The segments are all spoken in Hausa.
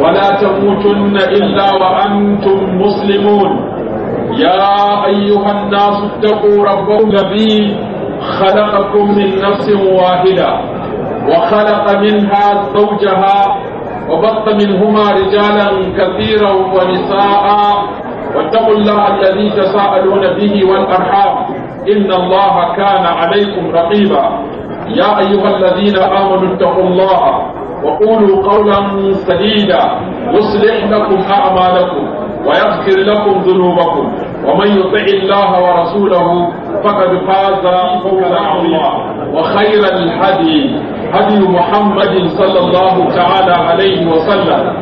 ولا تموتن إلا وأنتم مسلمون يا أيها الناس اتقوا ربكم الذي خلقكم من نفس واحدة وخلق منها زوجها وبط منهما رجالا كثيرا ونساء واتقوا الله الذي تساءلون به والأرحام إن الله كان عليكم رقيبا يا أيها الذين آمنوا اتقوا الله وقولوا قولا سديدا يصلح لكم أعمالكم ويغفر لكم ذنوبكم ومن يطع الله ورسوله فقد فاز فوزا عظيما وخير الهدي هدي محمد صلى الله تعالى عليه وسلم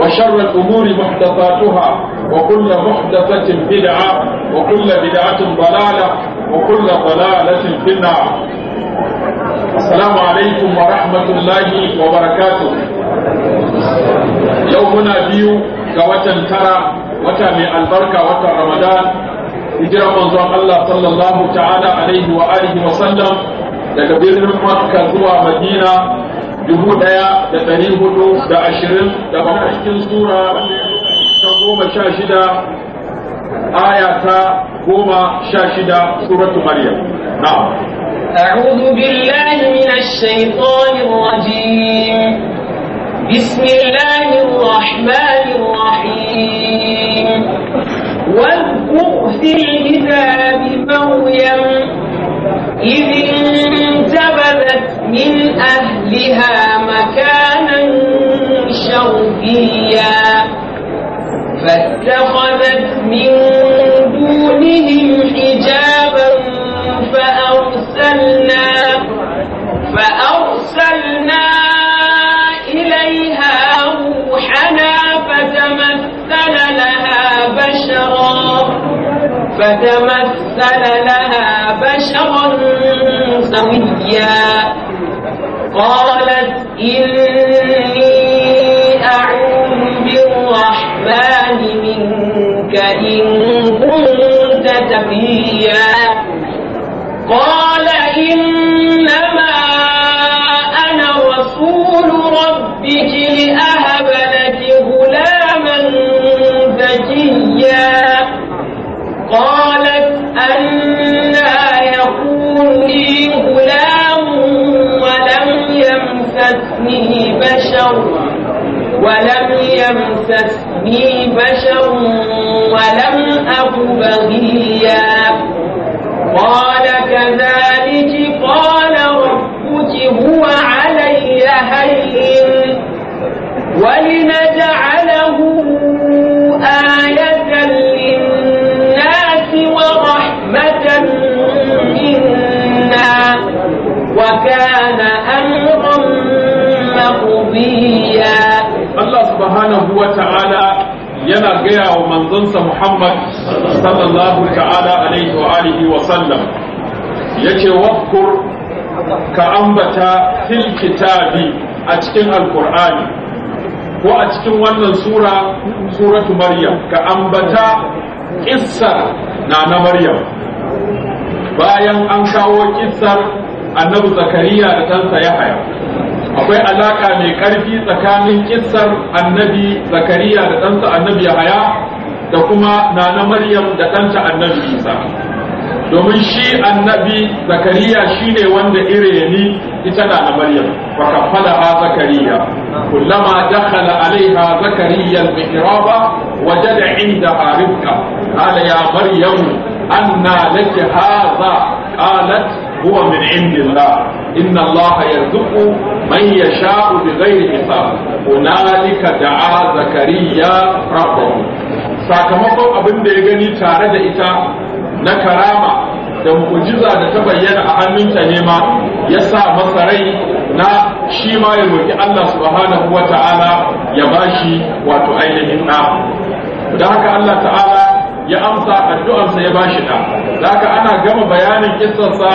وشر الأمور محدثاتها وكل محدثة بدعة وكل بدعة ضلالة وكل ضلالة في النار assalamu alaikum wa rahmatullahi wa barakatuh yau muna biyu ga watan tara wata mai albarka wata ramadan hijirar manzon Allah sallallahu ta'ala alaihi wa wa sallam daga birnin Makka zuwa Madina dubu ɗaya da ɗari hudu da ashirin da bakwai sura ta goma sha shida aya goma sha shida suratu Maryam na'am أعوذ بالله من الشيطان الرجيم بسم الله الرحمن الرحيم واذكر في الكتاب مريم إذ انتبذت من أهلها مكانا شرقيا فاتخذت من دونهم حجابا فتمثل لها بشرا سويا قالت إني أعوذ بالرحمن منك إن كنت تقيا قال يمسسني غلام ولم يمسسني بشر ولم يمسسني بشر ولم أك بغيا قال كذلك قال ربك هو وكان أمرا مقضيا الله سبحانه وتعالى yana gaya wa manzonsa Muhammad sallallahu ta'ala alaihi wa alihi wa sallam yace wakur ka ambata fil kitabi a cikin alqur'ani ko a cikin wannan sura suratu maryam ka ambata kissar na na maryam bayan an kawo kissar annabi zakariya da ɗansa yahaya akwai alaka mai ƙarfi tsakanin kissar annabi zakariya da ɗansa annabi yahaya da kuma nana maryam da ɗanta annabi isa domin shi annabi zakariya shine wanda ni ita da na maryam wa kafala zakariya kullama dakhala alaiha zakariya al-mihraba wajada indaha rizqa qala ya maryam anna laki hadha qalat huwa min indillah inna allaha yarzuqu man yasha'u bighairi hisab hunalika da'a zakariya rabbahu sakamakon abin da ya gani tare da ita na karama da mu'jiza da ta bayyana a hannunta ne ma ya sa masa rai na shi ma ya roki Allah subhanahu wa ta'ala ya bashi wato ainihin da haka Allah ta'ala ya amsa addu'arsa ya bashi da zaka ana gama bayanin kissarsa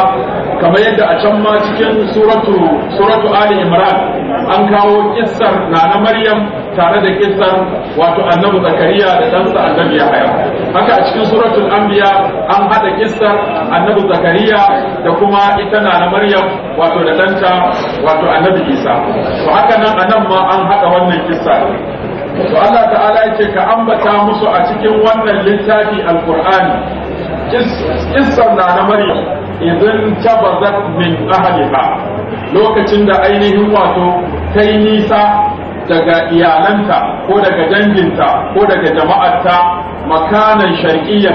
kamar yadda a can ma cikin suratu suratu ali imran an kawo kissar nana maryam tare da kissar wato annabi zakariya da ɗansa annabi haya. haka a cikin suratul anbiya an hada kissar annabi zakariya da kuma ita nana maryam wato da ɗanta wato annabi isa to haka nan anan ma an hada wannan kissa to Allah ta'ala yake ka ambata musu a cikin wannan littafi alqur'ani kissan na na maryam idan tabazat min ahliha lokacin da ainihin wato ta yi nisa daga iyalanta ko daga danginta ko daga jama'arta makanan sharqiyya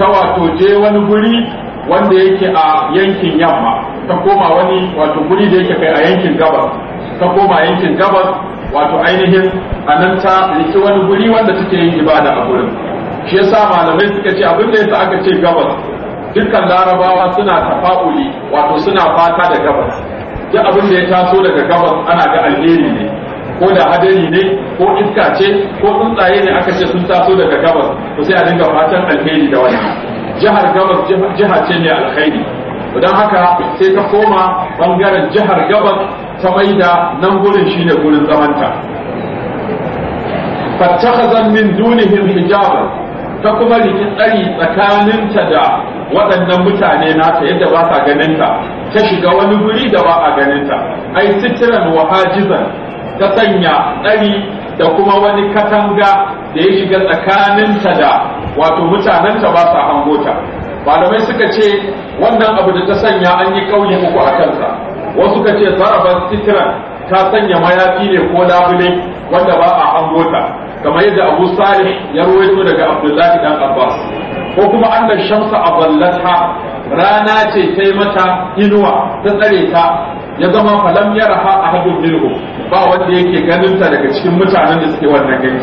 ta wato je wani guri wanda yake a yankin yamma ta koma wani wato guri da yake kai a yankin gabas ta koma yankin gabas wato ainihin a nan ta yake wani guri wanda take yin ibada a gurin shi yasa malamai suka ce abin da yasa aka ce gabas dukkan larabawa suna tafa'uli wato suna fata da gabas duk abin da ya taso daga gabas ana ga alheri ne ko da hadari ne ko iska ce ko tsuntsaye ne aka ce sun taso daga gabas to sai a dinga fatan alheri da wani. jihar gabas jiha ce ne alkhairi don haka sai ka koma ɓangaren jihar gabas ta maida nan gurin shi ne gurin zamanta fattakhazan min dunihim hijaban ta kuma riki tsari tsakaninta da waɗannan mutane nata yadda ba sa ganinta ta shiga wani guri da ba a ganinta ai sitiran wa ta sanya tsari da kuma wani katanga da ya shiga tsakaninta da wato mutanenta ba sa hangota malamai suka ce wannan abu da ta sanya an yi ƙauye uku a kansa wasu ka ce sarabar sitran ta sanya mayafi ne ko labule wanda ba a hango ta kamar yadda abu salih ya ruwaito daga abdullahi dan abbas ko kuma an shamsa a ballata rana ce ta yi mata inuwa ta tsare ta ya zama falam ya raha a hajjun minhu ba wanda yake ganin ta daga cikin mutanen da suke wannan gani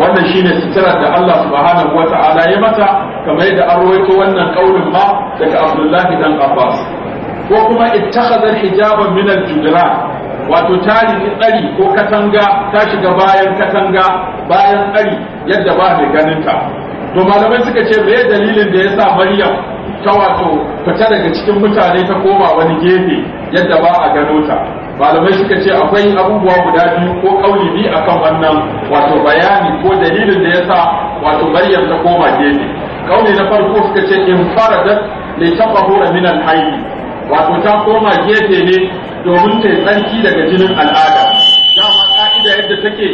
wannan shine sitirar da Allah subhanahu ta'ala ya mata kamar yadda an ruwaito wannan kaulin ma daga Abdullahi dan Abbas ko kuma ittakhadha hijaba min al-judra wato tari tsari ko katanga ta shiga bayan katanga bayan tsari yadda ba mai ganin ta to malamai suka ce me dalilin da yasa Maryam ta wato fita daga cikin mutane ta koma wani gefe yadda ba a gano ta malamai suka ce akwai abubuwa guda biyu ko kauli biyu akan wannan wato bayani ko dalilin da yasa wato Maryam ta koma gefe kauli na farko suka ce in faradat li tafahura min al-hayy wato ta koma gefe ne domin ta tsarki daga jinin al'ada dama ka'ida yadda take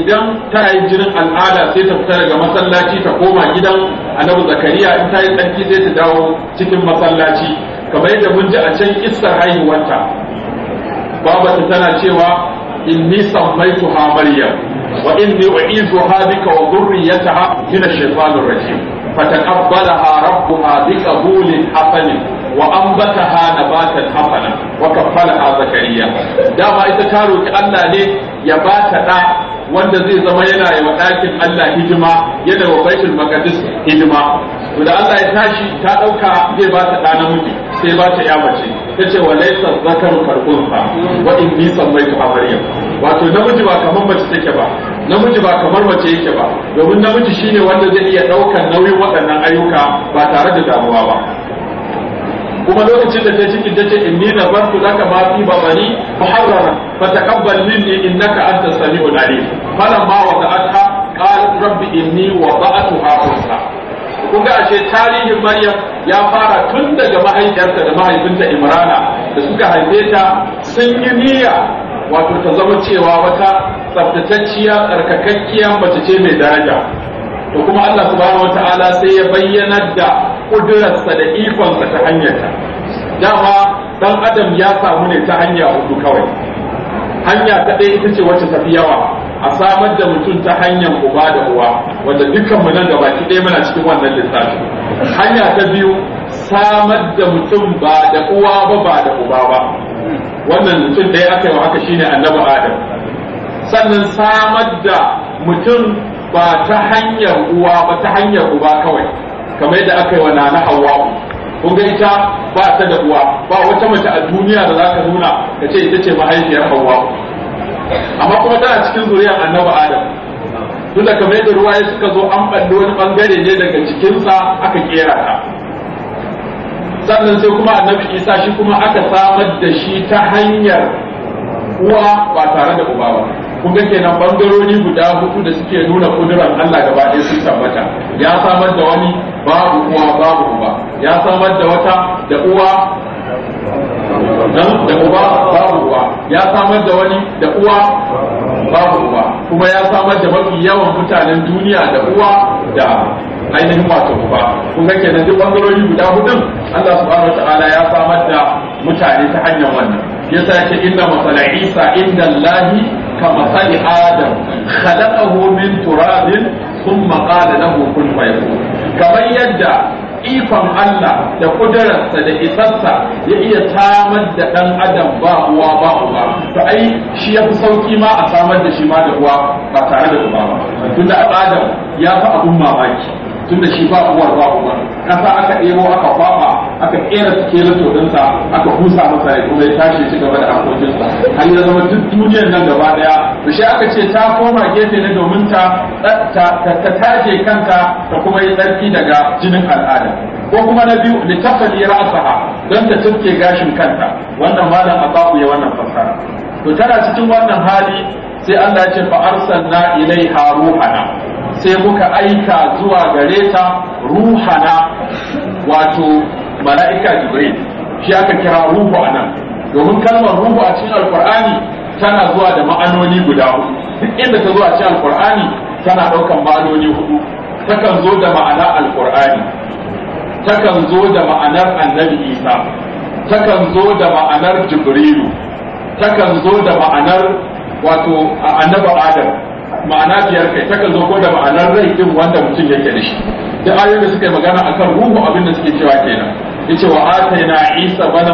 idan ta yi jinin al'ada sai ta fita daga masallaci ta koma gidan annabi zakariya in ta yi tsarki sai ta dawo cikin masallaci kamar yadda mun ji a can kissar haihuwarta babata tana cewa inni sammaituha maryam wa inni u'izuha bika wa dhurriyyataha min ash-shaytanir rajim fataqabbalaha rabbuha biqabulin hasanin Wa وأنبتها نباتا حسنا وكفلها زكريا دعما إذا Allah ne ya bata دا wanda zai zama yana yi wa ɗakin Allah hidima yana wa baitul maqdis hidima to da Allah ya tashi ta ɗauka zai bata ta ɗa namiji sai bata ya mace ta ce wa laisa zakaru karkunsa wa inni sammaitu a maryam wato namiji ba kamar mace take ba namiji ba kamar mace yake ba domin namiji shine wanda zai iya ɗaukar nauyin waɗannan ayyuka ba tare da damuwa ba kuma lokacin da ta cikin ta ce inni na barku zaka ba fi babani muharrama fa taqabbal minni innaka anta samiul alim wa wada'atha qal rabbi inni wada'atuha unsa kun ga ashe tarihin Maryam ya fara tun daga mahaifiyarta da mahaifinta Imrana da suka haife ta sun yi niyya wato ta zama cewa wata tsaftatacciya tsarkakakkiyar mace ce mai daraja to kuma Allah subhanahu wataala sai ya bayyana da kudurarsa da ikonsa ta hanyarta dama dan adam ya samu ne ta hanya hudu kawai hanya ta ɗaya ita ce wacce tafi yawa a samar da mutum ta hanyar uba da uwa wanda dukkan mu nan gaba ɗaya muna cikin wannan lissafi hanya ta biyu samar da mutum ba da uwa ba ba da uba ba wannan mutum ɗaya aka yi wa haka shine annabi adam sannan samar da mutum ba ta hanyar uwa ba ta hanyar uba kawai kamar yadda aka yi wa nana hawa kun ga ita ba ta da uwa ba wata mace a duniya da zaka nuna ka ce ita ce mahaifiyar hawa amma kuma tana cikin zuriyar annabi adam tunda kamar ruwa ya suka zo an balle wani bangare ne daga cikinsa aka kera ta sannan sai kuma annabi isa shi kuma aka samar da shi ta hanyar uwa ba tare da uba ba kun ga kenan bangarori guda hudu da suke nuna kudurar Allah gaba ɗaya sun tabbata ya samar da wani babu uwa babu uba ya samar da wata da uwa nan da uba babu uwa ya samar da wani da uwa babu uba kuma ya samar da mafi yawan mutanen duniya da uwa da ainihin wato uba kun ga kenan duk bangarori guda hudun Allah subhanahu wataala ya samar da mutane ta hanyar wannan yasa ce inna masala isa inda Allahi كمثل آدم خلقه من تراب ثم قال له كن فيكون كما يدعى ikon Allah da kudararsa da isarsa ya iya samar da ɗan adam ba uwa ba uba to ai shi ya fi sauki ma a samar da shi ma da uwa ba tare da uba ba tunda adam ya fi abun mamaki tun da shi ba uwar ba uwar kasa aka ɗebo aka kwafa aka ƙera to ɗinsa aka husa masa ya kuma ya tashi shi gaba da harkokinsa har ya zama duk duniyar nan gaba ɗaya to shi aka ce ta koma gefe ne domin ta ta kanta ta kuma yi tsarki daga jinin al'ada ko kuma na biyu da tafali ra'saha don ta tufke gashin kanta wannan malam abaku ya wannan fassara to tana cikin wannan hali sai Allah ya ce fa arsalna ilaiha ruhana sai muka aika zuwa gare ta ruhana wato mala'ika jibril shi aka kira ruhu a nan. domin kalmar ruhu a cikin alkur'ani tana zuwa da ma'anoni guda hudu duk inda ta zo a cikin alkur'ani tana daukan ma'anoni hudu takan zo da ma'ana alkur'ani takan zo da ma'anar annabi isa takan zo da ma'anar jibrilu takan zo da ma'anar wato annabi adam ma'ana biyar kai takan zo ko da ma'anar rai din wanda mutum yake da shi da ayoyin da suka yi magana akan ruhu abin da suke cewa kenan yace wa atayna isa bana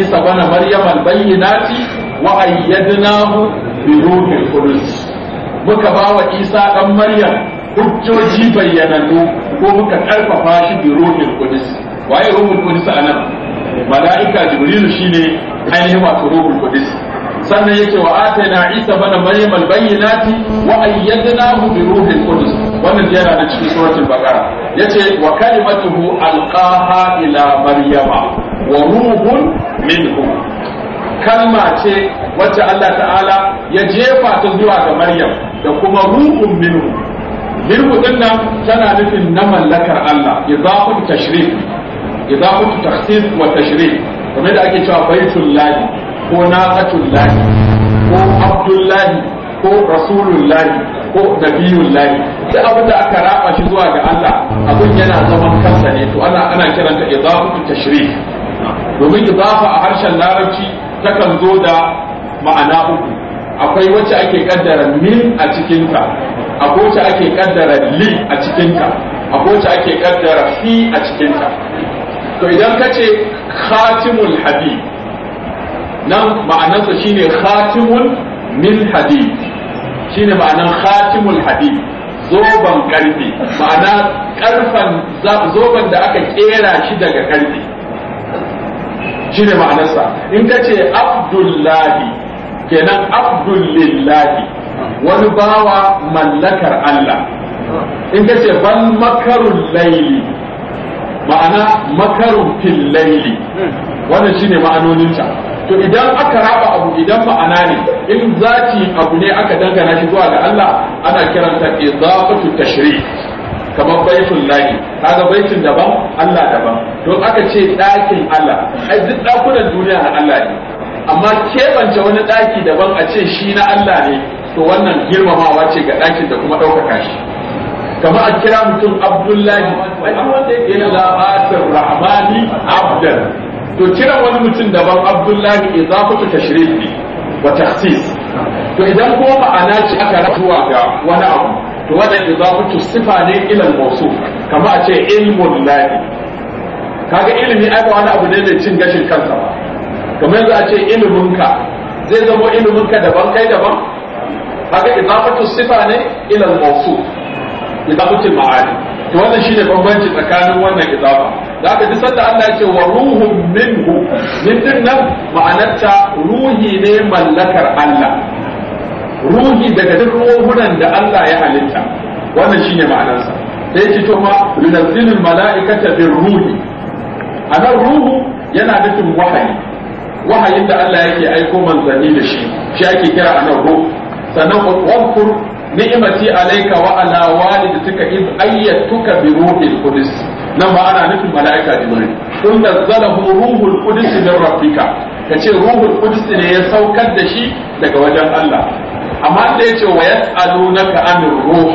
isa bana maryam bayyinati wa ayyadnahu bi ruhil qudus muka bawa isa dan maryam hujjoji bayyanannu ko muka karfafa shi bi ruhil qudus waye ruhul qudus anan mala'ika jibril shine ainihin wato ruhul qudus sannan yake wa na isa bana maryam albayyinati wa ayyadnahu bi ruhil qudus wannan yana da cikin suratul baqara yace wa kalimatuhu alqaha ila maryama wa ruhun minhu kalma ce wacce Allah ta'ala ya jefa ta zuwa ga maryam da kuma ruhun minhu Mirhu din nan tana nufin na mallakar Allah idafatu tashrif idafatu takhsis wa tashrif kamar da ake cewa baitul layi. ko naqatullahi ko abdullahi ko rasulullahi ko nabiyullahi duk abin da aka raba shi zuwa ga Allah abin yana zaman kansa ne to ana ana kiranta idafatu tashrif domin idafa a harshen larabci takan zo da ma'ana uku akwai wacce ake kaddara min a cikinta akwai wacce ake kaddara li a cikinta akwai wacce ake kaddara fi a cikinta to idan ka ce khatimul habib nan ma'anarsa shine khatimun min hadid shine ma'anar khatimul hadid zoben karfe ma'ana karfan zoben da aka kera shi daga karfe shine ma'anarsa in ka ce abdullahi kenan abdullillahi wani bawa mallakar Allah in ka ce ban makarun laili ma'ana makarun fil laili wannan shine ma'anoninta to idan aka raba abu idan ma'ana ne in zati abu ne aka dangana shi zuwa ga Allah ana kiranta idafatu tashri' kamar baitun lahi kaga baitun daban Allah daban don aka ce ɗakin Allah ai duk ɗakunan duniya na Allah ne amma keɓance wani ɗaki daban a ce shi na Allah ne to wannan girmamawa ce ga ɗakin da kuma ɗaukaka shi kamar a kira mutum Abdullahi wani wanda yake da labatin Rahmani Abdul to kira wani mutum daban abdullahi ku ta ne wa tahsis to idan kuma ma'ana ce aka rafuwa ga wani abu to wannan ta sifa ne ilal mawsuf kamar a ce ilmun lahi kaga ilimi ai ba wani abu ne mai cin gashin kansa ba kamar yanzu a ce iliminka zai zama iliminka daban kai daban kaga ta sifa ne ila mawsuf idafatu ma'ani to wannan shine bambanci tsakanin wannan idafa da aka ji sanda Allah ya wa ruhun minhu min din nan ma'anarta ruhi ne mallakar Allah ruhi daga duk ruhunan da Allah ya halitta wannan shine ma'anarsa sai ya ce to ma yunazzilul mala'ikata bir ruhi anan ruhu yana nufin wahayi wahayin da Allah yake aiko manzanni da shi shi ake kira anan ruhu sannan wa ni'imati alayka wa ala walidika id ayyatuka bi ruhil qudus nan ba ana nufin mala'ika jibril kun nazzalahu ruhul qudus min rabbika kace ruhul qudus ne ya saukar da shi daga wajen Allah amma da yace wa yas'alunaka anir ruh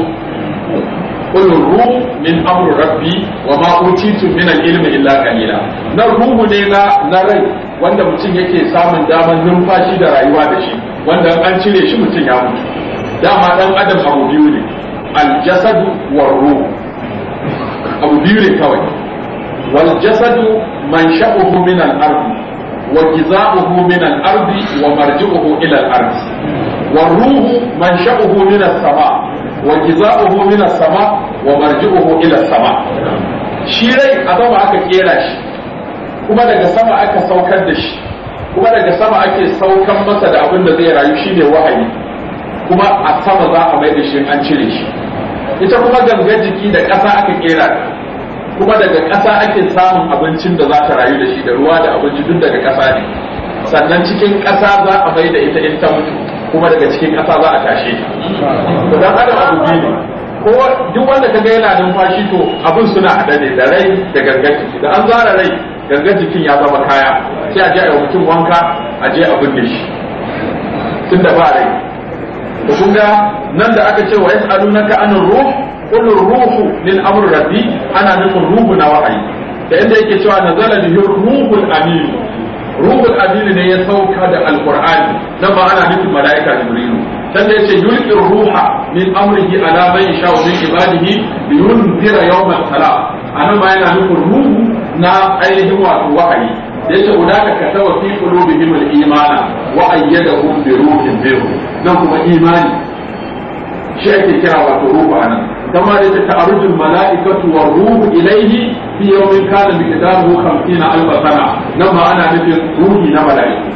قل الروح من امر ربي وما اوتيتم من العلم الا قليلا Nan ruhu ne na na rai wanda mutum yake samun damar numfashi da rayuwa da shi wanda an cire shi mutum ya mutu dama dan adam abu biyu ne aljasadu wa ruhu abu biyu ne kawai wal jasadu man sha'uhu min al ardi wa jiza'uhu min al ardi wa marji'uhu ila al ardi wa ruhu man sha'uhu min as sama wa jiza'uhu min as sama wa marji'uhu ila as sama shi rai a zama aka kera shi kuma daga sama aka saukar da shi kuma daga sama ake saukan masa da abin da zai rayu shine wahayi kuma a sama za a mai da shi an cire shi ita kuma gangar jiki da ƙasa aka kera kuma daga ƙasa ake samun abincin da za ta rayu da shi da ruwa da abinci duk daga ƙasa ne sannan cikin ƙasa za a mai da ita in ta mutu kuma daga cikin ƙasa za a tashe ta dan adam abu biyu ne ko duk wanda ka ga yana numfashi to abin suna haɗa ne da rai da gangar jiki da an zara rai gangar jikin ya zama kaya sai a je a mutum wanka a je a binne shi tun da ba rai to nan da aka ce wa yas'alunaka an ruh qul ruhu min amri rabbi ana nufin ruhu na wa'ayi da inda yake cewa nazala bihi ruhul amin ruhul amin ne ya sauka da alqur'ani dan ba ana nufin malaika jibrilu dan da yace yulqi ruha min amrihi ala man yasha min ibadihi li yunzira yawm al-salam anan ma yana nufin ruhu na ainihin wato wa'ayi yace ka tawa fi qulubihim al-imana wa ayyadahum bi ruhin bihi nan kuma imani shi ake kira wato ruhu anan kama da ta'arujul mala'ikatu wa ruhu ilayhi fi yawmin kana miqdaruhu 50 alf sana nan ma ana nufin ruhi na mala'iku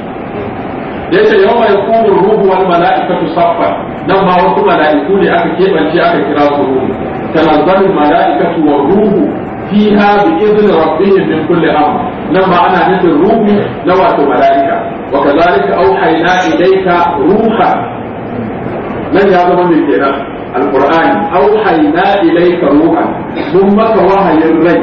yace yawma yakunu ruhu wal mala'ikatu saffan nan ma wasu mala'iku ne aka kebance aka kira su ruhu tanazzalu mala'ikatu wa ruhu fiha bi idni rabbihim min kulli amr nan ma ana nufin ruhu na wato mala'ika wa kazalika auhayna ilayka ruha nan ya zama mai kenan alqur'ani auhayna ilayka ruha mun maka wahayin rai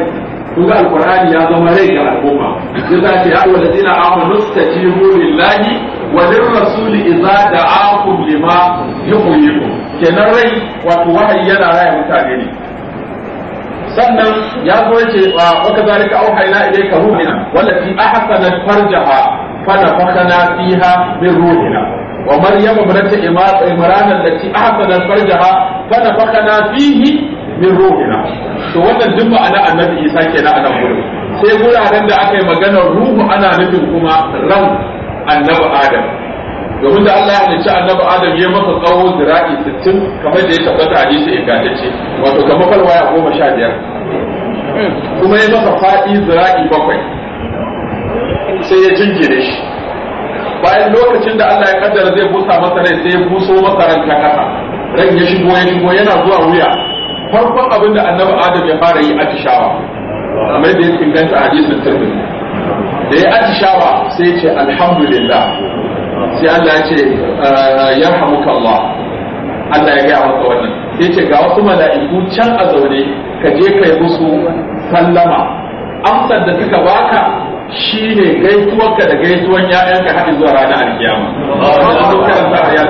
kun ga alqur'ani ya zama rai ga al'umma sai za ta yawo da dina amanu tajibu lillahi wa lirrasuli idza da'akum lima yuhyikum rai wato wahayi yana raya mutane ne sannan ya zo yace wa waka zalika auhayna ilayka ruhina wallati ahsana farjaha fa nafakhana fiha min ruhina wa maryam ibnat imran allati ahsana farjaha fa nafakhana fihi min ruhina to wannan duk ma'ana annabi Isa kenan ana gurin sai guraren da aka yi maganar ruhu ana nufin kuma ran annabi Adam domin da Allah ya halicci annabi Adam ya masa tsawo zira'i 60 kamar da ya tabbata hadisi ingantacce wato kamar falwaya goma sha biyar kuma ya masa faɗi zira'i bakwai sai ya jingire shi bayan lokacin da Allah ya kaddara zai busa masa rai sai ya buso masa ran ta kasa ran ya shigo ya shigo yana zuwa wuya farkon abin da annabi Adam ya fara yi tishawa kamar da ya inganta hadisin Tirmidhi da ya atishawa sai ya ce alhamdulillah sai Allah ya ce ah, ya hamuka Allah Allah ya gaya maka wannan sai ce ga wasu mala'iku can a zaune ka je kai musu sallama amsar da suka baka shine gaisuwarka da gaisuwan 'ya'yanka har zuwa ranar alkiyama wannan ya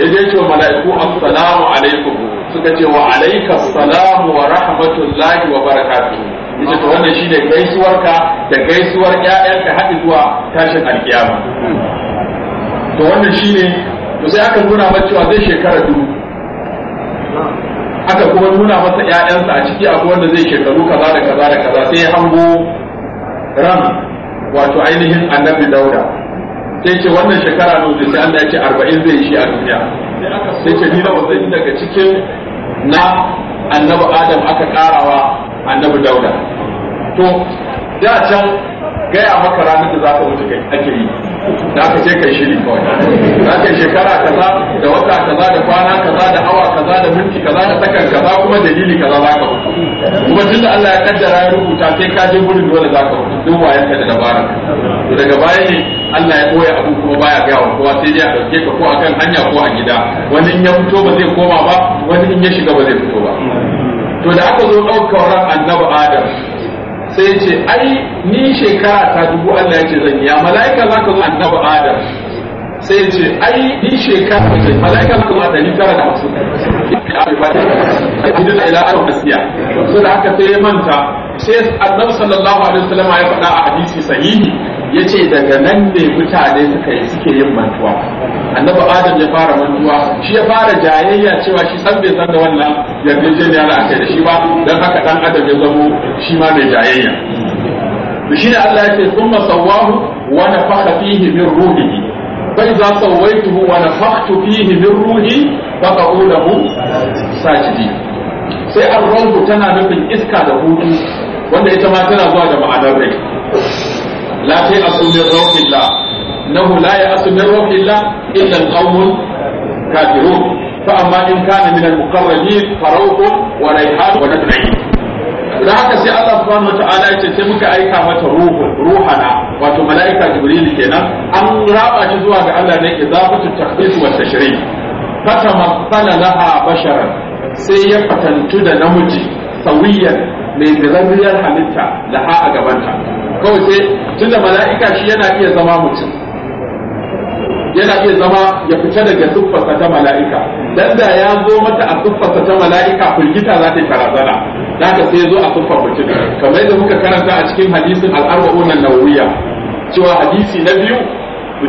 ya je ce mala'iku assalamu alaikum suka ce wa alaika salamu wa rahmatullahi wa barakatuh ita to wannan shine gaisuwarka da gaisuwar ƴaƴanka haɗi zuwa tashin alkiyama to wannan shine to sai aka nuna mata cewa zai shekara dubu aka kuma nuna masa ƴaƴansa a ciki akwai wanda zai shekaru kaza da kaza da kaza sai ya hango ran wato ainihin annabi dauda sai ce wannan shekara ne sai Allah ya ce arba'in zai shi a duniya sai ce ni na yi daga cikin na annabi adam aka karawa annabi dauda to da can gaya maka ranar da za ka mutu kai ake yi da aka ce kai shiri kawai za ka yi shekara kaza da wata kaza da kwana kaza da awa kaza da minti kaza da sakan kaza kuma dalili kaza za ka mutu kuma tun Allah ya kaddara ya rubuta sai ka je gurin dole za ka mutu duk wayan ka da dabara daga baya ne Allah ya koya abu kuma baya gaya wa kowa sai dai a dauke ka ko akan hanya ko a gida wani in ya fito ba zai koma ba wani in ya shiga ba zai fito ba to da aka zo ɗaukar annabi Adam sai ce ai ni shekara ta dubu Allah ya ce zan ya mala'ika za ka zo annabi Adam sai ya ce ai ni shekara ce malaika kuma ni tara da hamsin abidul ila arba siya so da haka sai ya manta sai annabi sallallahu alaihi wasallam ya faɗa a hadisi sahihi yace daga nan ne mutane suka yi suke yin mantuwa annabi adam ya fara mantuwa shi ya fara jayayya cewa shi san bai san da wannan yarjejeniya da aka da shi ba dan haka dan adam ya zamo shi ma mai jayayya shi ne Allah ya ce thumma sawwahu wa nafakha fihi min ruhihi فإذا سويته ونفخت فيه من روحي فقعوا له ساجدين sai an rango tana nufin iska da hutu, wanda ita ma tana zuwa da ma'anar rai la sai a sumin na hula la ya asumin rauhilla illa alqawmul kafiro. ta amma in kana min al-muqarrabin wa rayhan wa nad'in da haka sai Allah subhanahu wataala ya ce sai muka aika mata ruhu ruhana wato malaika jibril kenan an raba shi zuwa ga Allah ne idafatu takhfif wa tashrih fatamassala laha basharan sai ya fatantu da namiji sawiyan mai zirarriyar halitta laha a gabanta kawai sai tunda mala'ika shi yana iya zama mutum yana iya zama ya fita daga tuffasa ta mala'ika dan da ya zo mata a tuffasa ta mala'ika firgita za ta yi tarazana ka sai ya zo a tuffa mutum kamar yadda muka karanta a cikin hadisin al'arba'un nan cewa hadisi na biyu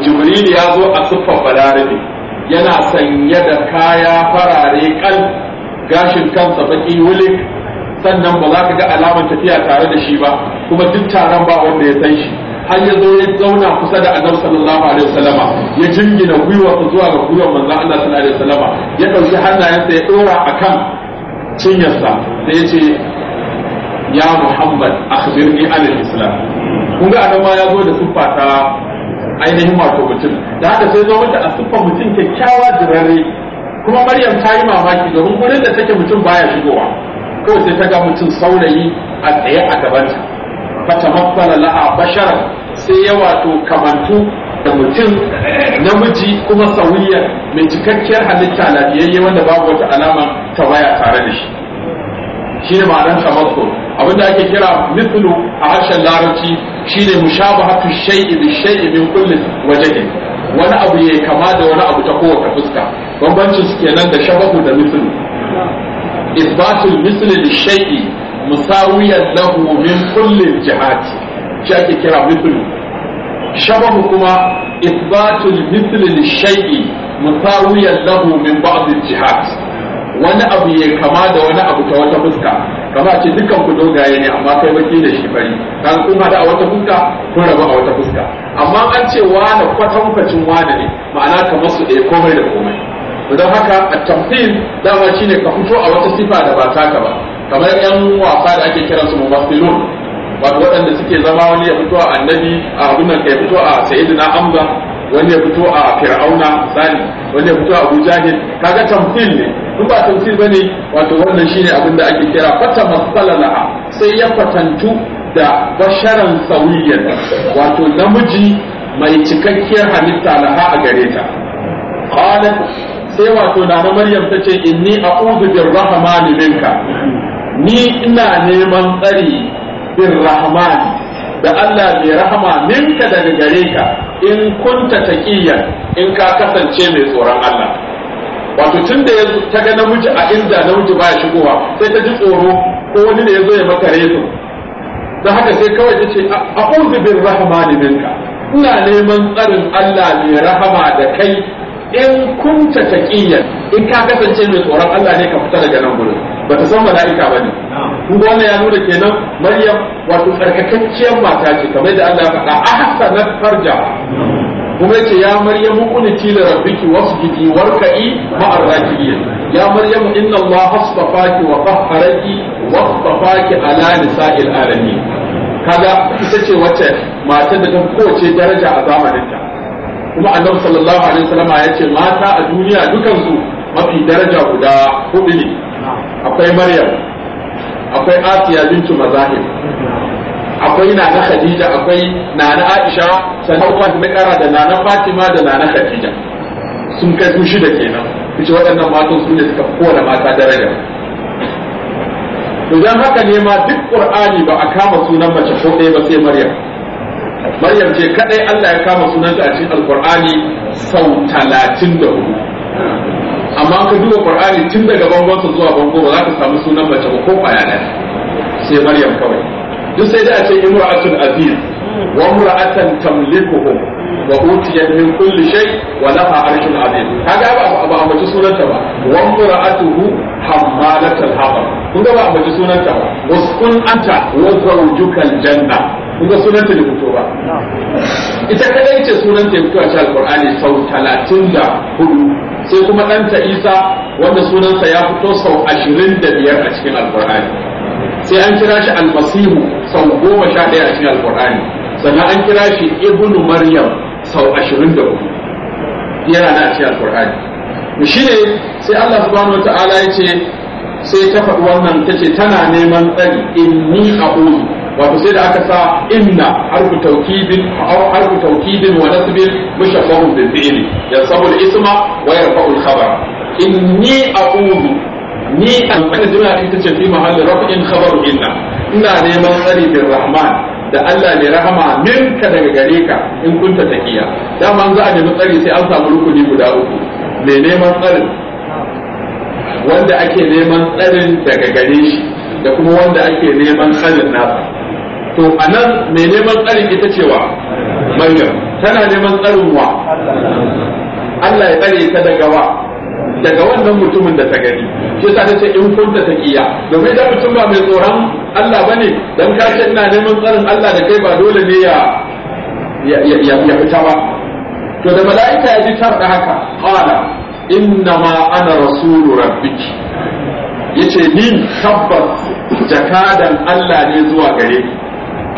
jibril ya zo a tuffa balarabe yana sanye da kaya farare kal gashin kansa baki wulik sannan ba za ka ga alamar tafiya tare da shi ba kuma duk taron ba wanda ya san shi har ya zo ya zauna kusa da annabi sallallahu alaihi wasallama ya jingina gwiwa gwiwarsa zuwa ga gwiwar manzo Allah sallallahu alaihi wasallama ya dauki hannayensa ya dora akan cinyarsa sai ya ce ya Muhammad akhbirni anil islam kun ga annabi ya zo da siffa ta ainihin wato mutum da haka sai zo mata a siffar mutum kyakkyawa jirare kuma Maryam ta yi mamaki domin gurin da take mutum baya shigowa kawai sai ta ga mutum saurayi a tsaye a gabanta fatamakkala laha basharan sai ya wato kamantu da mutum namiji kuma sauriya mai cikakkiyar halitta lafiyayye wanda babu wata alama ta waya tare da shi shine ma'anar tamakko abinda ake kira mithlu a harshen larabci shine mushabahatu shay'i bi shay'i min kulli wajhi wani abu yayi kama da wani abu ta kowace fuska bambancin su kenan da shabahu da mithlu isbatul mithli li shay'i musawiyan lahu min kullin jihati shi ake kira mithlu shabahu kuma isbatul mithli shay'i musawiyan lahu min ba'd jihat wani abu ya kama da wani abu ta wata fuska kama ce dukan ku dogaye ne amma kai baki da shi bari kan kun hada a wata fuska kun rabu a wata fuska amma an ce wani kwatankwacin wani ne ma'ana kamar su ɗaya komai da komai don haka a tamfil dama shine ka fito a wata sifa da ba taka ba kamar yan wasa da ake kiran su mubaffilun wato waɗanda suke zama wani ya fito a annabi a abin nan ya fito a sayyidina amza wani ya fito a fir'auna misali wani ya fito a abu jahil kaga tamfil ne duk ba tamfil bane wato wannan shine abin da ake kira fata masala laha sai ya fatantu da basharan sawiyyan wato namiji mai cikakkiyar halitta laha a gare ta qalat sai wato na maryam tace inni a'udhu birrahmani minka ni ina neman tsari bin rahman da Allah mai rahama minka daga gare ka in kunta taqiyan in ka kasance mai tsoron Allah wato tun da ta ga namiji a inda namiji ba ya shigowa sai ta ji tsoro ko wani ne ya zo ya maka rezo don haka sai kawai ta ce a uzu bin minka ina neman tsarin Allah mai rahama da kai in kunta taqiyan in ka kasance mai tsoron Allah ne ka fita daga nan gurin ba ta san mala'ika ba ne kuma wannan ya nuna kenan maryam wato tsarkakakkiyar mata ce kamar da Allah faɗa a hasanat farja kuma yace ya maryamu kunti li rabbiki wasjudi warka'i ma'ar rakiyin ya maryamu inna Allah astafaki wa tahharaki wastafaki ala nisa'il alamin kaga ita ce wacce matar da ta kowace daraja a zamaninta kuma annabi sallallahu alaihi wasallam ya ce mata a duniya dukansu mafi daraja guda hudu ne akwai maryam akwai asiya bintu mazahir akwai nana khadija akwai nana aisha sannan kuma ta kara da nana fatima da nana khadija sun kai su shida kenan ita waɗannan matan su ne suka kowa mata daraja to dan haka ne ma duk qur'ani ba a kama sunan mace ko ɗaya ba sai maryam maryam ce kadai Allah ya kama sunanta a cikin alqur'ani sau talatin da hudu amma ka duba qur'ani tun daga bangon sa zuwa bango ba za ka samu sunan mace ba ko kwaya ɗaya sai maryam kawai duk sai dai a ce imra'atul aziz wa imra'atan tamlikuhum wa utiyat min kulli shay wa laha arshul azim kaga ba ba ambaci sunanta ba wa imra'atuhu hammalatul hatab kun ga ba ambaci sunanta ba uskun anta wa zawjukal janna kun ga sunanta da fito ba ita kadai ce sunanta ya fito a cikin alqur'ani sau 34 sai kuma ɗanta isa wanda sunansa ya fito sau ashirin da biyar a cikin alkur'ani sai an kira shi almasihu sau goma sha ɗaya a cikin alkur'ani sannan an kira shi ibnu maryam sau ashirin da hudu yana da a cikin alkur'ani shi ne sai allah subhanahu wa ta'ala ya ce sai ta faɗi wannan ta ce tana neman tsari inni a wato sai da aka sa inna harfu tawkidin aw harfu tawkidin wa nasbin mushabbahun bil fi'li yansabu al isma wa yarfa'u al khabar inni aqulu ni an kana jira ita ce fi mahalli rafin khabaru inna ina neman tsari bil rahman da Allah ne rahama minka daga gare ka in kunta Da dama za a nemi tsari sai an samu rukuni guda uku mai neman tsarin wanda ake neman tsarin daga gare shi da kuma wanda ake neman tsarin nasa to a nan mai neman tsarin ita cewa maryam tana neman tsarin wa Allah ya tsare ta daga wa daga wannan mutumin da ta gani shi ta ce in kunta taqiya domin da mutum ba mai tsoron Allah bane dan ka ce ina neman tsarin Allah da kai ba dole ne ya ya fita ba to da mala'ika ya ji tar da haka qala inna ma ana rasulu rabbiki yace ni tabbas jakadan Allah ne zuwa gare ni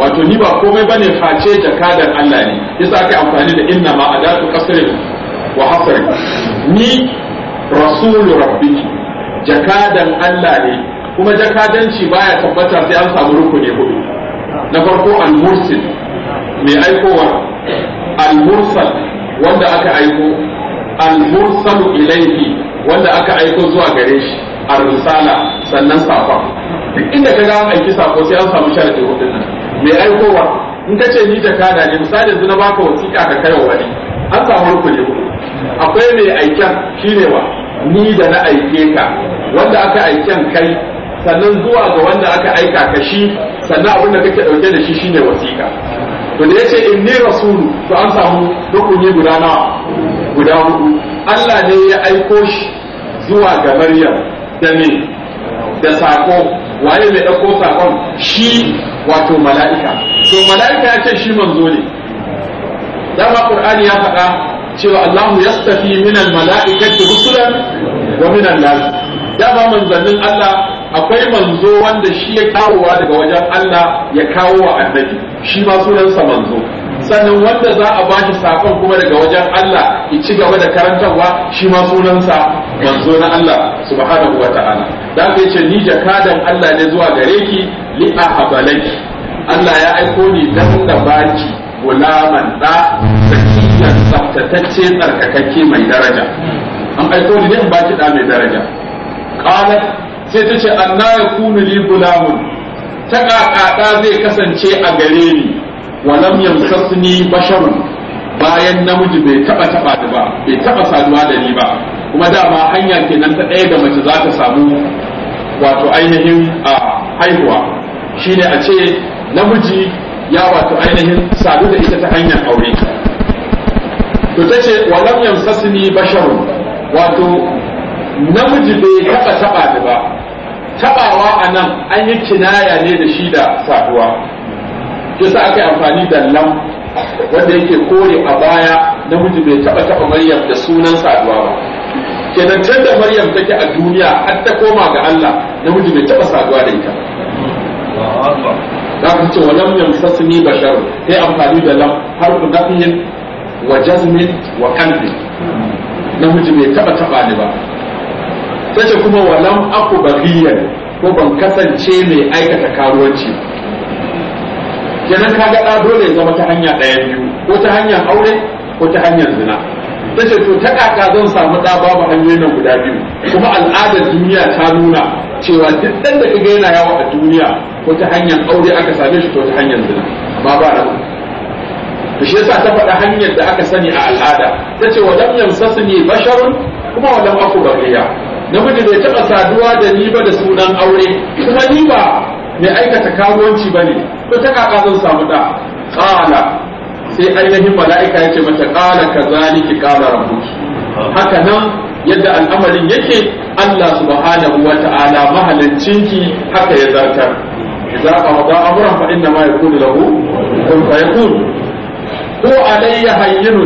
wato ni ba komai bane face jakadan Allah ne yasa aka amfani da inna ma adatu qasrin wa hasri ni rasulu rabbiki jakadan Allah ne kuma jakadanci baya tabbata sai an samu rukuni hudu na farko al-mursil mai aikowa al-mursal wanda aka aiko al-mursalu ilayhi wanda aka aiko zuwa gare shi A rusala sannan safa duk inda ka gawa aiki safo sai an samu sharadi hudun nan mai aikowa in ka ce ni da ne misali yanzu na baka wasiƙa ka kai wa wani an samu rukuni akwai mai aiken shine wa ni da na aike ka wanda aka aiken kai sannan zuwa ga wanda aka aika ka shi sannan abin da kake ɗauke da shi shine wasiƙa to da ya ce in ni rasulu to an samu rukuni guda nawa guda hudu Allah ne ya aiko shi zuwa ga Maryam da me da sako waye mai ɗauko sakon shi wato mala'ika to mala'ika ya ce shi manzo ne dama qur'ani ya faɗa cewa Allahu yastafi min al-mala'ikati rusulan wa min Da nas dama manzannin Allah akwai manzo wanda shi ya kawowa daga wajen Allah ya kawo wa annabi shi ma sunansa manzo sannan wanda za a bashi safan kuma daga wajen Allah ya ci gaba da karantarwa shi ma sunansa manzo na Allah subhanahu wa ta'ala da aka ce ni jakadan Allah ne zuwa gare ki li ahabalaki Allah ya aiko ni dan da baki gulaman da sakiyan tsaftatacce tsarkakakke mai daraja an aiko ni dan baki da mai daraja qala sai ta ce anna yakunu li gulamun ta kakata zai kasance a gare ni walam yamsasni basharun bayan namiji bai taba taba da ba bai taba saduwa da ni ba kuma dama hanya kenan ta ɗaya da mace za ta samu wato ainihin a haihuwa shine a ce namiji ya wato ainihin sadu da ita ta hanyar aure to ta ce walam yamsasni basharun wato namiji bai taba taba da ba tabawa anan an yi kinaya ne da shi da saduwa sa aka yi amfani da lam wanda yake kore a baya namiji bai taba taba maryam da sunan saduwa ba kenan can da maryam take a duniya har ta koma ga Allah namiji bai taba saduwa da ita za ku ce walam yamsasni bashar sai amfani da lam har ku nafiyin wa jazmin wa qalbi namiji bai taba taba ni ba sai kuma wa lam aku baghiyan ko ban kasance mai aikata karuwanci kenan ka ga dole ya zama ta hanya ɗaya biyu ko ta hanyar aure ko ta hanyar zina ta ce to ta kaka zan samu ɗa babu hanyoyin nan guda biyu kuma al'adar duniya ta nuna cewa duk ɗan da ka gaina yana a duniya ko ta hanyar aure aka same shi ko ta hanyar zina amma ba da ku shi yasa ta faɗa hanyar da aka sani a al'ada ta ce su ne basharun kuma wajen aku bakiya namiji bai taɓa saduwa da ni ba da sunan aure kuma ni ba mai aikata ba ne. ko ta kaka zan samu da qala sai ainihin mala'ika yace mata qala kazalika qala rabbuki haka nan yadda al'amarin yake Allah subhanahu wa ta'ala mahaliccinki haka ya zartar idza qada amran fa inna ma yakunu lahu kun fayakun ko alayya hayyun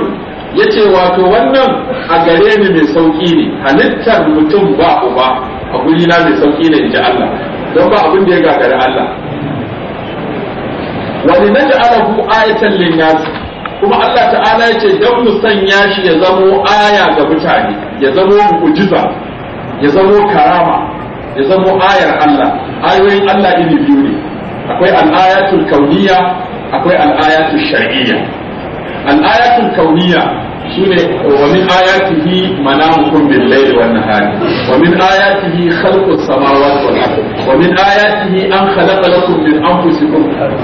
yace wato wannan a gare ni mai sauki ne halittar mutum ba uba a guri mai sauki ne inji Allah don ba abin da ya gagari Allah wani na ja'alahu ayatan linnas kuma Allah ta'ala ya ce don mu sanya shi ya zamo aya ga mutane ya zamo mu'jiza ya zamo karama ya zamo ayar Allah ayoyin Allah iri biyu ne akwai al'ayatul kauniya akwai al'ayatul shar'iyya al'ayatul kauniya shine wa min ayatihi manamukum bil layli wan nahari wa min ayatihi khalqus samawati wal ardi wa min ayatihi an khalaqa lakum min anfusikum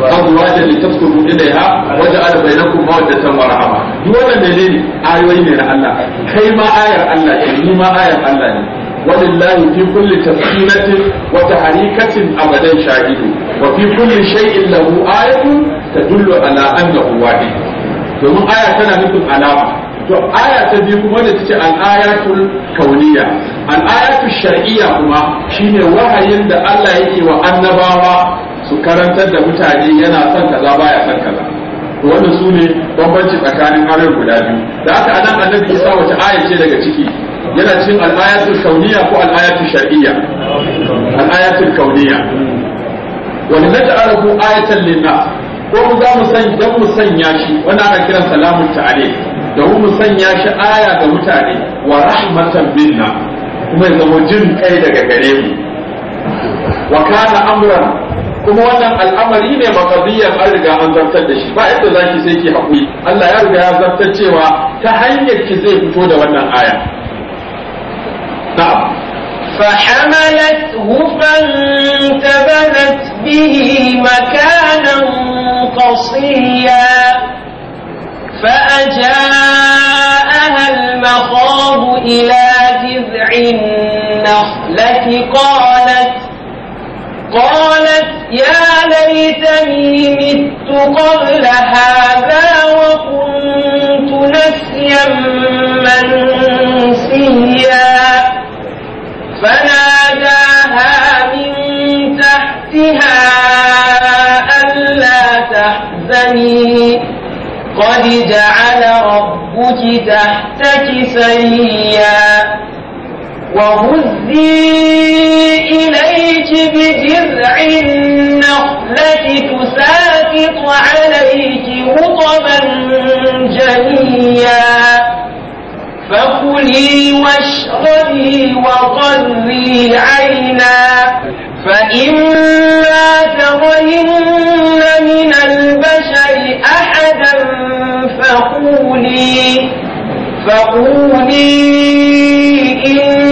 azwajan litaskunu ilayha wa ja'ala bainakum mawaddatan wa rahma duk wannan dalili ayoyi ne na Allah kai ma ayar Allah ne ni ma ayar Allah ne ولله في كل تسكينة وتحريكة أبدا شاهد وفي كل شيء له آية تدل على أنه واحد domin aya tana nufin alama to aya ta biyu kuma da tace al-ayatul kauniya al-ayatul shar'iyya kuma shine wahayin da Allah yake wa annabawa su karantar da mutane yana son kaza baya son kaza to wannan sune bambanci tsakanin ayoyin guda biyu da aka anan annabi Isa wace aya ce daga ciki yana cikin al-ayatul kauniya ko al-ayatul shar'iyya al-ayatul kauniya wani na ta'arafu ayatan linnas ko mu za mu sanya dan mu sanya shi wannan ana kiran salamun ta'alaihi da mu sanya shi aya ga mutane wa rahmatan minna kuma ya zama jin kai daga gare mu wa kana amran kuma wannan al'amari ne maqadiyan an riga an zartar da shi ba yadda zaki sai ki haƙuri. Allah ya riga ya zartar cewa ta hanyar ki zai fito da wannan aya na'am فحملته فانتبذت به مكانا قصيا فأجاءها المخاض إلى جذع النخلة قالت قالت يا ليتني مت قبل هذا وكنت نسيا منسيا فناداها من تحتها ألا تحزني قد جعل ربك تحتك سريا وهزي إليك بجذع النخلة تساقط عليك رطبا جنيا فكلي واشربي وقري عينا فإما ترين فقولي فقولي إني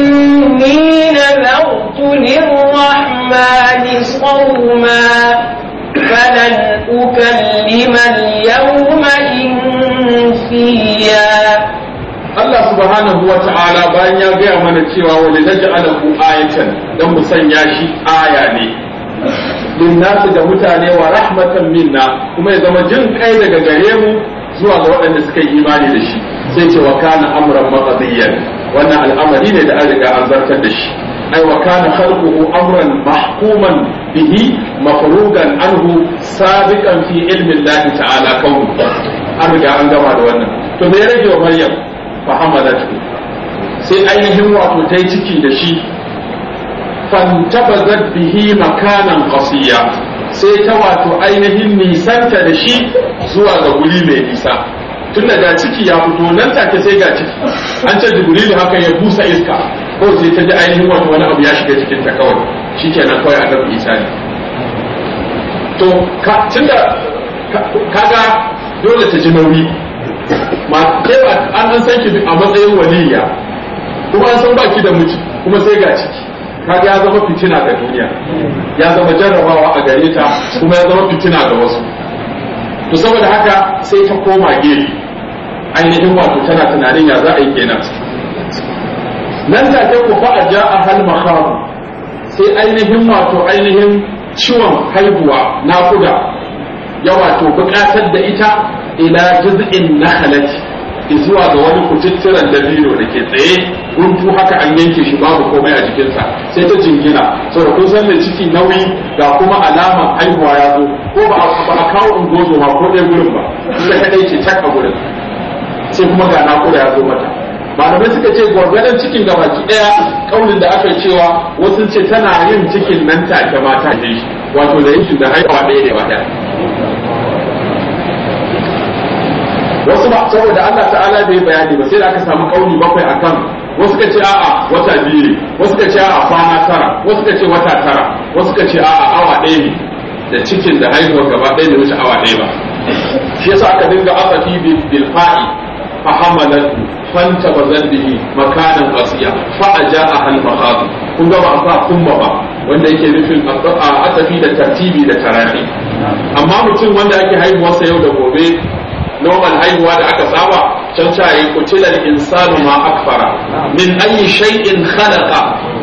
نذرت للرحمن صوما فلن أكلم اليوم إنسيا Allah subhanahu wa ta'ala bayan ya gaya mana cewa wani naj'alahu ayatan dan mu sanya shi aya ne nasu da mutane wa rahmatan minna kuma ya zama jin kai daga gare mu zuwa ga waɗanda suka yi imani da shi sai ce wa kana amran maqdiyan wannan al'amari ne da an riga an zartar da shi ai wa kana khalquhu amran mahkuman bihi mafrugan anhu sabiqan fi ilmi Allah ta'ala kawu an riga an gama da wannan to me ya rage wa Maryam fa hamalatu sai ainihin wato ta yi ciki da shi fantabazat bihi makanan qasiya sai ta wato ainihin nisanta da shi zuwa ga guri mai nisa tun da ciki ya fito nan take sai ga ciki an ce da haka ya busa iska ko sai ta ji ainihin wato wani abu ya shiga cikin ta kawai nan kawai annabi isa ne to ka da kaga dole ta ji nauyi ma kewa an san ki a matsayin waliya kuma an san baki da miji kuma sai ga ciki kaga ya zama fitina ga duniya ya zama jarrabawa a gare ta kuma ya zama fitina ga wasu to saboda haka sai ta koma gefe ainihin wato tana tunanin ya za a yi kenan nan da ta kufa a ja a hal maharu sai ainihin wato ainihin ciwon haihuwa nakuda ya wato bukatar da ita ila na nakhalati zuwa ga wani kututturen dabino da ke tsaye guntu haka an yanke shi babu komai a jikinsa sai ta jingina saboda kun san mai ciki nauyi ga kuma alaman haihuwa ya zo ko ba a kawo ungozo ma ko ɗaya gurin ba sai kaɗai ce cak a gurin sai kuma ga naƙuda ya zo mata malamai suka ce gwargwadon cikin ga baki ɗaya ƙaunin da aka cewa wasu ce tana yin cikin nan take mata ne wato da yankin da haihuwa ɗaya ne ba ɗaya wasu ba saboda Allah ta'ala bai bayani ba sai da aka samu kauli bakwai akan wasu ka ce a'a wata biyu ne wasu ka ce a'a kwana tara wasu ka ce wata tara wasu ka ce a'a awa ɗaya ne da cikin da haihuwar gaba ɗaya da wuce awa ɗaya ba shi yasa aka dinga asafi bil fa'i fa hamalatu fanta bazallihi makanan qasiya fa ajaa hal makhad kun ga ba fa kuma ba wanda yake nufin asafi da tartibi da tarafi amma mutum wanda ake haihuwarsa yau da gobe noman haihuwa da aka saba can ta yi kutilal insanu ma akfara min ayi shay'in khalaqa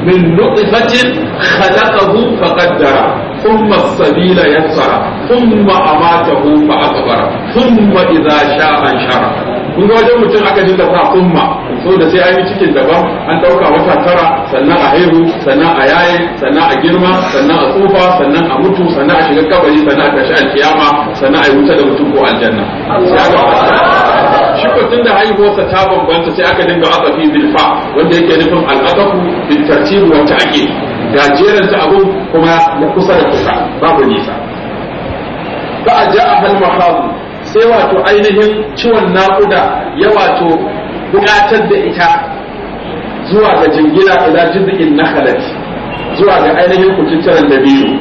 min nutfatin khalaqahu faqaddara thumma as-sabila yassara thumma amatahu fa akbara thumma idza sha'a anshara kun ga wajen mutum aka dinga sa thumma so da sai an yi cikin daban an dauka wata tara sannan a haihu sannan a yaye sannan a girma sannan a tsufa sannan a mutu sannan a shiga kabari sannan a tashi alkiyama sannan a yi wuta da mutum ko aljanna tun da haihuwarsa ta bambanta sai aka dinga aka fi bilfa wanda yake nufin al'adaku bil tartib wa ake gajeran ta abun kuma na kusa da kusa babu nisa ba a ja'a hal mahadu sai wato ainihin ciwon naƙuda ya wato buƙatar da ita zuwa ga jingila ila na nakalat zuwa ga ainihin kucin da biyu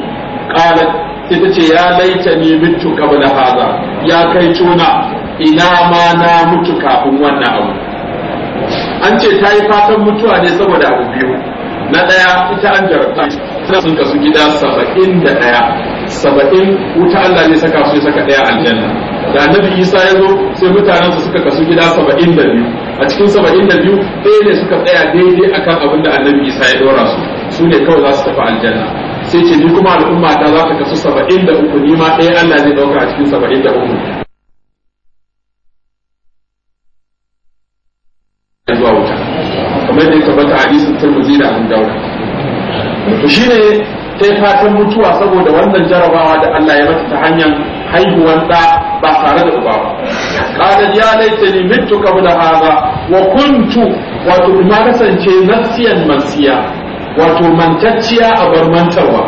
qalat ita ce ya laita ni mitu qabla haza, ya kai tuna ina ma na mutu kafin wannan abu an ce ta yi fatan mutuwa ne saboda abu biyu na ɗaya ita an jarabta ta sun kasu gida saba'in da ɗaya saba'in wuta Allah ne saka su saka ɗaya aljanna da annabi Isa ya zo sai su suka kasu gida saba'in da biyu a cikin saba'in da biyu ɗaya ne suka tsaya daidai akan abin da annabi Isa ya ɗora su su ne kawai za su tafi aljanna sai ce ni kuma al'umma ta za ta kasu saba'in da uku ni ma ɗaya Allah zai ɗauka a cikin saba'in da uku kamar da ya tabbata hadisin turmuzi da abin daura to ta yi fatan mutuwa saboda wannan jarabawa da Allah ya mata ta hanyar haihuwar da ba tare da uba ba qalat ya ni mitu da haza wa kuntu wato kuma kasance nasiyan masiya. wato mantacciya a bar mantarwa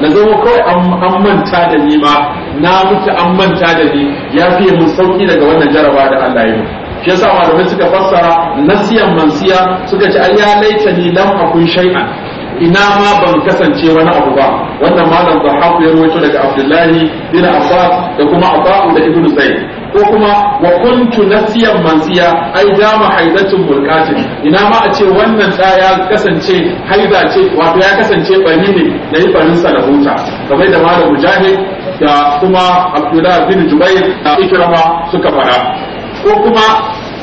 na zama kawai an manta da ni ma na mutu an manta da ni ya fiye mun sauki daga wannan jaraba da Allah ya shi yasa malamai suka fassara nasiyan mansiya suka ce ya laita ni lam akun shay'an ina ma ban kasance wani abu ba wannan malam Zahabu ya rawaito daga Abdullahi bin Abbas da kuma Abba'u da ibnu Zaid ko kuma wa kuntu nasiyan mansiya ai ma haidatun mulkatin ina ma a ce wannan da ya kasance haida ce wato ya kasance bari ne da yi barin sa da huta kamar da malam mujahid da kuma Abdullahi bin jubair da ikrama suka fara ko kuma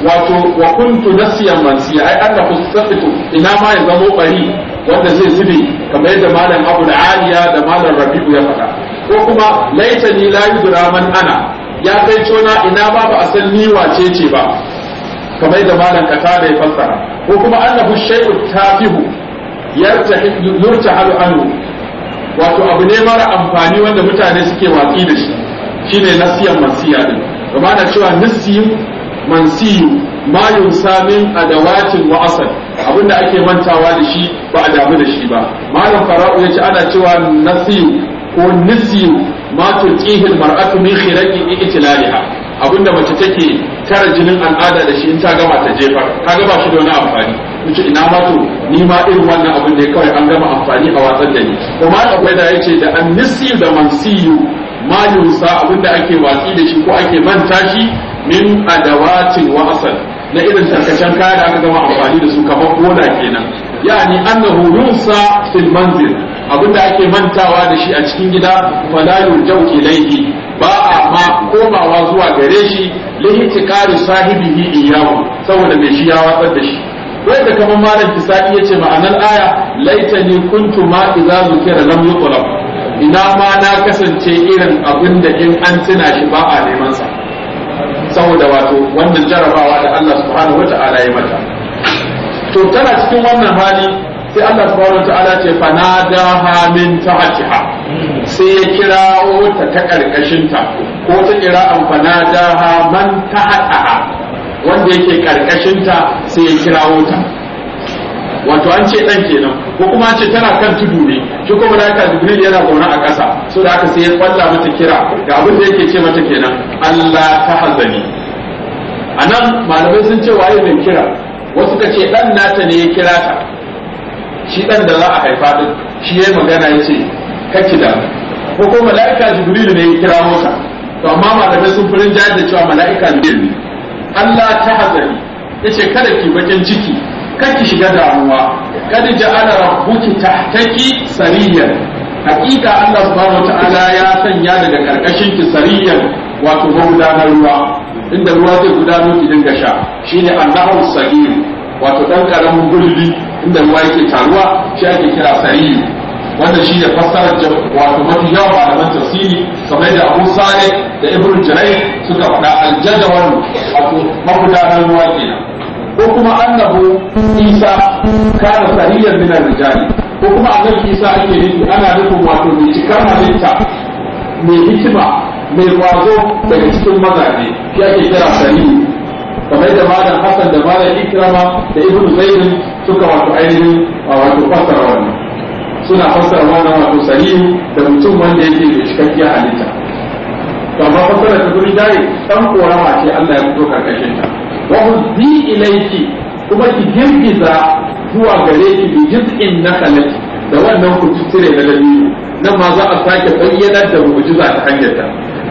wato wa kuntu nasiyan mansiya ai an da kusafitu ina ma ya zamo bari wanda zai zube kamar da malam abu da aliya da malam rabi'u ya faɗa ko kuma laitani la yudra man ana ya kai cona ina ba ba a san ni wace ce ba kamar da malam kata ya fassara ko kuma annahu shay'un tafihu halu anhu wato abu ne mara amfani wanda mutane suke watsi da shi shine nasiyan masiya din kuma da cewa nasiyin mansiyu ma yunsa min adawatin wa asal abinda ake mantawa da shi ba a damu da shi ba malam fara'u yace ana cewa nasiyu ko nasiyu ma turqihi almar'atu min khiraqi ijtilaliha abinda mace take tara jinin al'ada da shi in ta gama ta jefa kaga ba shi da wani amfani mace ina ma to ni ma irin wannan abin da kawai an gama amfani a watsar da ni kuma akwai da yace da an nisi da mansiyu ma yusa abinda ake watsi da shi ko ake manta shi min adawatin wa asal na irin tarkacen kaya da aka gama amfani da su kamar bola kenan yani annahu yusa fil manzil abin da ake mantawa da shi a cikin gida fala jauki Laihi, ba a ma komawa zuwa gare shi lihtiqaru sahibihi iyyahu saboda mai shi ya watsar da shi wai da kamar malam ya ce ma'anar aya Laita laitani kuntu ma idza zukira lam yutlab ina ma na kasance irin abin da in an tuna shi ba a neman sa saboda wato wannan jarabawa da Allah subhanahu ta'ala ya mata to tana cikin wannan hali sai Allah subhanahu wataala ce fanadaha min tahtiha sai ya kira wuta ta karkashin ta ko ta kira an fanadaha man tahtaha wanda yake karkashin ta sai ya kira wuta wato an ce dan kenan ko kuma ce tana kan tudu ne shi kuma da aka jibril yana gona a ƙasa so da aka sai ya kwalla mata kira ga abin da yake ce mata kenan Allah ta hazani anan malamai sun ce waye mai kira wasu ka ce dan nata ne ya kira ta shi dan da za a haifa din shi yayi magana yace kake da ko ko mala'ika jibril ne ya kira mota to amma malamai sun furin jayar da cewa mala'ika jibril ne Allah ta hazari yace kada ki bakin ciki ki shiga damuwa kada ana rabbuki tahtaki sariyan hakika Allah subhanahu wataala ya sanya daga karkashin ki sariyan wato magudanar ruwa inda ruwa zai gudanar ki dinga sha shine annahu sagir wato dan karamin gurbi. inda ruwa yake taruwa shi ake kira sariyu wanda shi ne fassarar wato mafi yawa malaman tafsiri kamar da Abu sare da Ibn jirai suka faɗa wani wato magudanar ruwa kenan ko kuma annabu Isa kana sariyar minar rijali ko kuma annabi Isa ake nufi ana nufin wato mai cikar halitta mai hikima mai kwazo daga cikin mazaje shi ake kira sariyu kamar da malam Hassan da malam Ikrama da ibnu zayd suka wato ainihin wato fassara wannan suna fassara wannan wato sahihu da mutum wanda yake da cikakkiyar halitta amma fasara ta guri dai dan korama ce Allah ya fito karkashin ta wa huzzi ilayki kuma ki girgiza zuwa gare ki bi jiz'in nakalati da wannan ku tsire da dalili nan ma za a sake bayyana da mu'jiza ta hanyar ta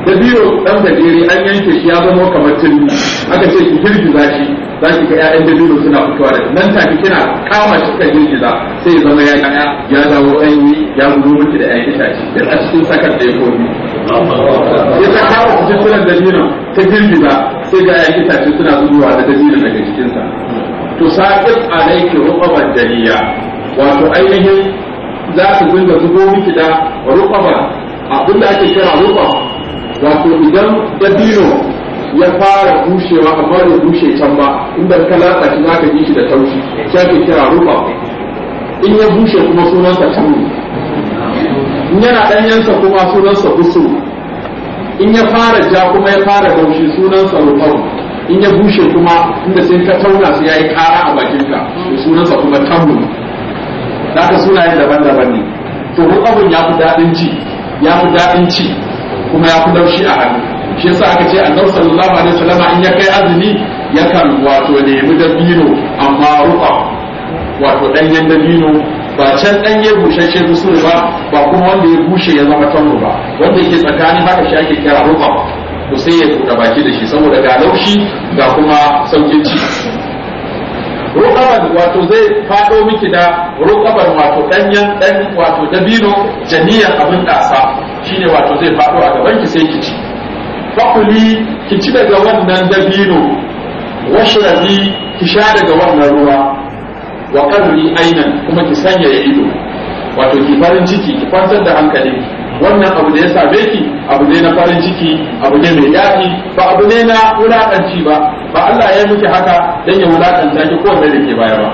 da biyo dan gajere an yanke shi ya zama kamar tilmi aka ce ki za shi za ki ga ƴaƴan biyo suna fitowa da nan ta ki? kina kama shi ka za sai ya zama ya kaya ya dawo yi ya gudu miki da ƴaƴan shi duk a cikin sakar da ya komi ya ta kawo cikin da biyo ta za sai ga ƴaƴan itace suna zuwa da biyo daga cikinsa to sa'id alayki ruqaban daliya wato ainihin za su dinga zubo miki da ruqaba abinda ake kira ruqaba wato idan dabino ya fara bushewa amma bai bushe can ba inda ka latsa shi ka ji shi da taushi shi ke kira rufa in ya bushe kuma sunansa tamu in yana ɗanyensa kuma sunansa busu in ya fara ja kuma ya fara baushi sunansa rufau in ya bushe kuma inda sai ka tauna su yi kara a bakinka da sunansa kuma tamu zaka sunayen daban-daban ne to abun ya fi daɗin ci ya fi daɗin ci kuma ya fi laushi a hannu shi yasa aka ce annabi sallallahu alaihi wasallam in ya kai azumi yakan wato nemi dabino amma rufa wato danyen dabino ba can dan ya bushashe musu ba ba kuma wanda ya bushe ya zama tanu ba wanda yake tsakanin haka shi ake kira rufa ko sai ya buɗe baki da shi saboda ga laushi ga kuma saukin ci Rukaban, wato zai fado miki da rukaban wato danyen dan wato dabino jami'an abin shi shine wato zai fado a gaban ki sai ki ci fakuli ki ci daga wannan dabino washrabi ki sha daga wannan ruwa wa qarri ainan kuma ki sanya ido wato ki farin ciki ki kwantar da hankali. wannan abu ne ya same ki abu ne na farin ciki abu ne mai daɗi ba abu ne na wulakanci ba ba Allah ya miki haka dan ya wulakanta ki ko wanda da ke baya ba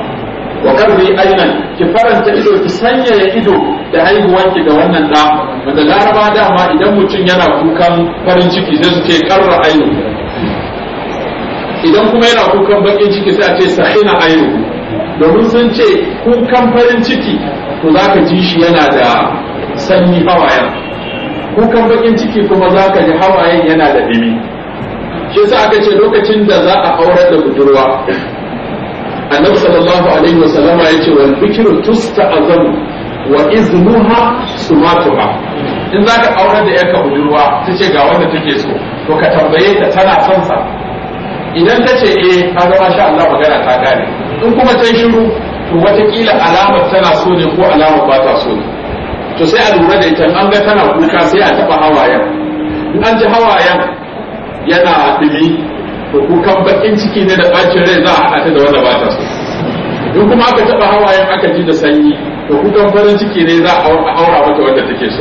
wa karri ainan ki faranta ido ki sanyaya ido da haihuwanki da wannan da wanda laraba dama idan mutum yana kukan farin ciki zai su ce karra ainu idan kuma yana kukan bakin ciki sai a ce sahina ainu domin sun ce kukan farin ciki to za ka ji shi yana da sanyi hawayen kukan bakin ciki kuma za ka ji hawayen yana da dimi shi sa aka ce lokacin da za a aurar da budurwa annabi sallallahu alaihi wasallama ya ce wani wal bikru azam wa iznuha sumatuha in za ka aurar da yarka budurwa ta ce ga wanda take so to ka tambaye ta tana son idan ta ce eh ka zama masha Allah magana ta gane in kuma sai shiru to watakila alamar tana so ne ko alamar ba ta so ne to sai a lura da ita an ga tana kuka sai a taɓa hawayen in an ji hawayen yana ɗumi to kukan bakin ciki ne da ɓacin rai za a haɗa da wanda ba ta so in kuma aka taba hawayen aka ji da sanyi to kukan farin ciki ne za a aura mata wanda take so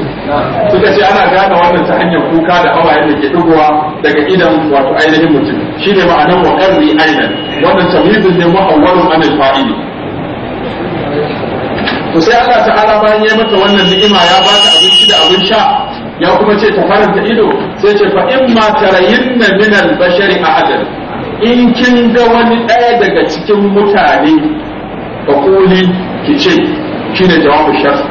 suka ce ana gane wannan ta hanyar kuka da hawayen da ke dugowa daga idan wato ainihin mutum shine ma'anar wa qarri ainan wannan tamyizun ne mu'awwalun anil fa'ili to sai Allah ta'ala bayan ya mata wannan ni'ima ya ba ta abinci da abin sha ya kuma ce ta faranta ido sai ce fa in ma tarayinna min al-bashari ahadan in kin ga wani ɗaya daga cikin mutane jawabu فقولي كيشي شنو جواب الشخص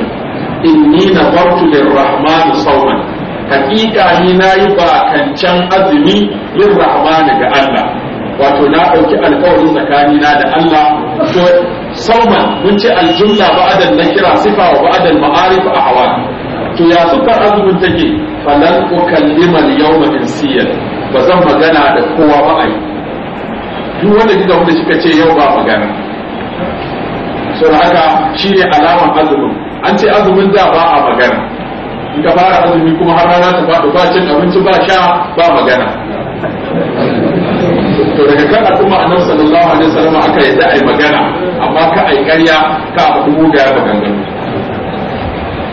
إني نظرت للرحمن na yi هنا يبقى كان كان أذني للرحمن Allah. wato na ɗauki alkawarin tsakanina da Allah to sauman mun ce aljumla ba'adan na kira sifa wa ba'adan ma'arif a hawa to ya suka azumin take falan ukallima al-yawma insiyan ba zan magana da kowa ba ai duk wanda kika wanda kika ce yau ba magana so da haka shi ne alaman azumin an ce azumin da ba a magana in ka fara azumi kuma har rana ta faɗo ba cin abinci ba sha ba magana to daga kan al'umma annabi sallallahu alaihi wasallam aka yi ai magana amma ka ai ƙarya ka abu muga maganganu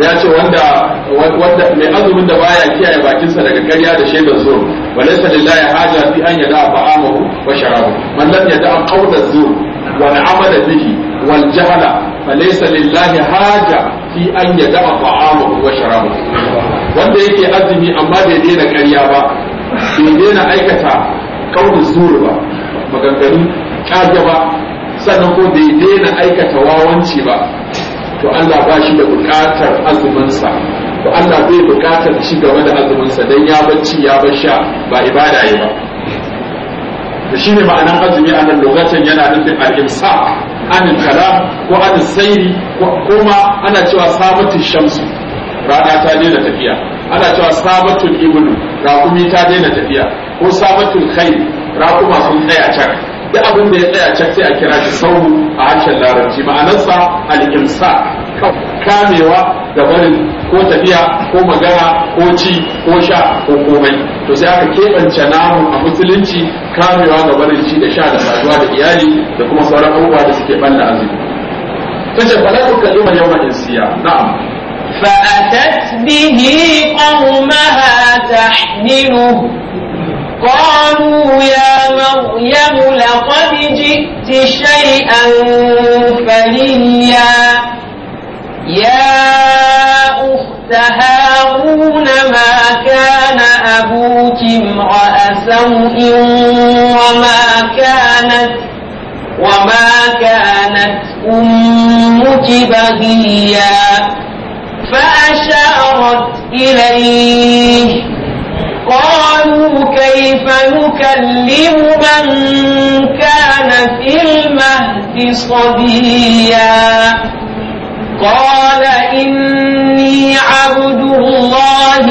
ya ce wanda wanda mai azumin da baya kiyaye bakinsa daga ƙarya da shaidar zur walaysa lillahi haja fi an yada fa'amahu wa sharabu man lam yada qawla zuwa wa amala bihi wal jahala lillahi haja fi an a ta'amahu wa sharabahu wanda yake azumi amma bai daina ƙarya ba bai daina aikata kaunin zuru ba maganganu ƙage ba sannan ko bai daina aikata wawanci ba to Allah ba shi da buƙatar azuminsa to Allah bai buƙatar ci gaba da azuminsa don ya bacci ya bar sha ba ibada ya ba da shi ne ma'anan azumi a nan lokacin yana nufin al'imsa anin kala ko anin sairi ko kuma ana cewa sabatin shamsu rana ta daina tafiya ana cewa sabatun ibnu rakumi ta daina tafiya ko sabatun khair raƙuma sun tsaya can da abin da ya tsaya can sai a kira shi sauru a harshen larabci ma'anarsa al'imsa imsa kamewa da barin ko tafiya ko magana ko ci ko sha ko komai to sai aka keɓance namu a musulunci kamewa ga barin ci da sha da saduwa da iyali da kuma sauran abubuwa da suke banda azumi tace fa la tukallima yawma insiya na'am فأتت bihi qawmaha تحمله قالوا يا مريم لقد جئت شيئا فريا يا أخت هارون ما كان أبوك امرأ سوء وما كانت وما كانت أمك بغيا فأشارت إليه قالوا كيف نكلم من كان في المهد صبيا قال إني عبد الله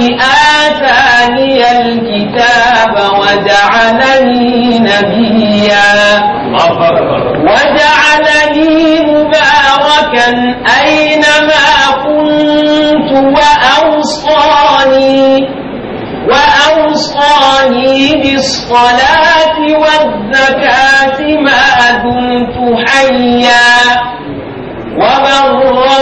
آتاني الكتاب وجعلني نبيا وجعلني مباركا أينما كنت وأوصاني وصاني بالصلاة والزكاة ما دمت حيا وبرا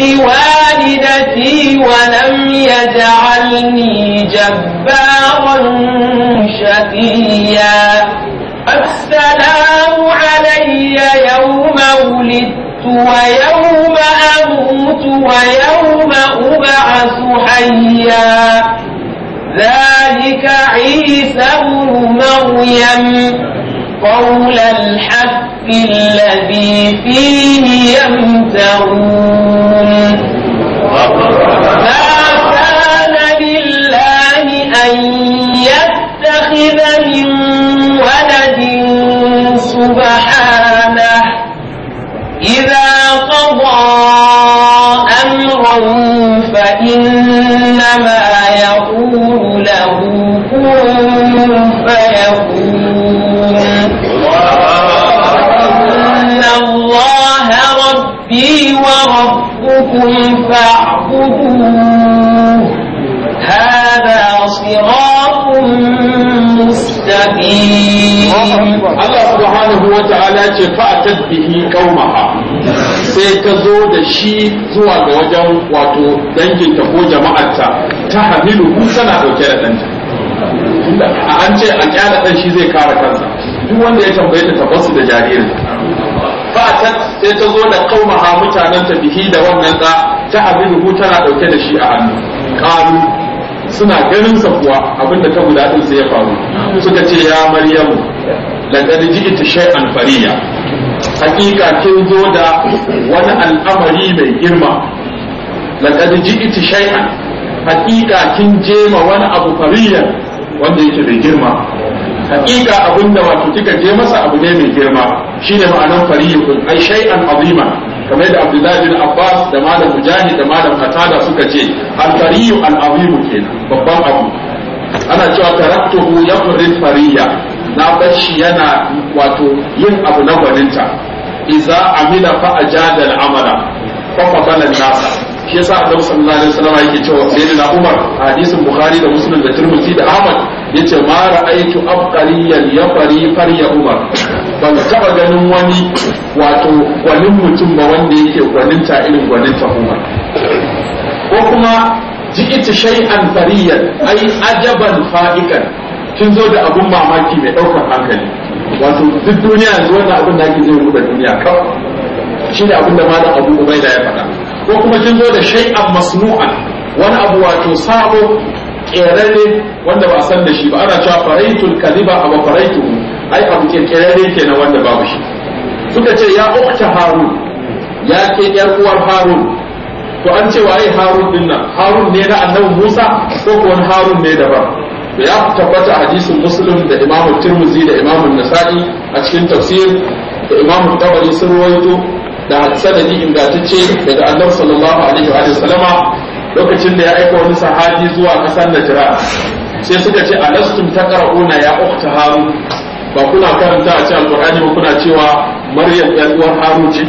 بوالدتي ولم يجعلني جبارا شقيا السلام علي يوم ولدت ويوم أموت ويوم أبعث حيا ذلك عيسى ابن مريم قول الحق الذي فيه يمترون atat bihi kaumaha sai ka zo da shi zuwa ga wajen wato danginta ko jama'arta ta hamilu kun tana dauke da danta an ce a kyala dan shi zai kara kansa duk wanda ya tambaye ta tabbasu da jaririn fatat sai ta zo da kaumaha mutanen ta bihi da wannan da ta hamilu tana dauke da shi a hannu qalu suna ganin sa kuwa abinda ta guda din sai ya faru suka ce ya maryamu laqad ji'ti shay'an fariya hakika kin zo da wani al'amari mai girma laqad ji'ti shay'an hakika kin je ma wani abu fariyan wanda yake mai girma hakika abinda wato kika je masa abu ne mai girma shine ma'anar fariyun ai shay'an azima kamar da Abdullahi bin Abbas da malam Mujahid da malam Qatada suka ce al fariyu al azimu kenan babban abu ana cewa taraktuhu yafrid fariya na bar yana wato yin abu na gwaninta iza amila fa ajada al'amala fa qabala nasa shi yasa Annabi sallallahu alaihi wasallam yake cewa sayyidina Umar hadisin Bukhari da Muslim da Tirmidhi da Ahmad yace ma ra'aytu abqariyan yafari farya Umar ban taba ganin wani wato gwanin mutum ba wanda yake gwaninta irin gwaninta Umar ko kuma ji'it shay'an fariyan ay ajaban fa'ikan kin zo da abun mamaki mai ɗaukar hankali wato duk duniya yanzu wannan abin da ake zai rubuta duniya kawai shi ne abin da malam abu ubaida ya faɗa ko kuma kin zo da shay'an masnu'an wani abu wato sabo kerare wanda ba a san da shi ba ana cewa faraitul Kaliba, aba faraitu ai abu ke kerare kenan wanda babu shi suka ce ya ukta harun ya ke yar uwar harun to an ce waye harun din harun ne na annabi musa ko kuwa harun ne daban ya tabbata hadisin muslim da imam Turmuzi da imam nasa'i a cikin tafsir da imam tabari sun rawaito da sanadi ingantacce daga annabi sallallahu alaihi wa sallama lokacin da ya aika wani sahabi zuwa kasar najira sai suka ce alastum taqra'una ya ukhta harun ba kuna karanta a cikin alqur'ani ba kuna cewa maryam yan uwar harun ce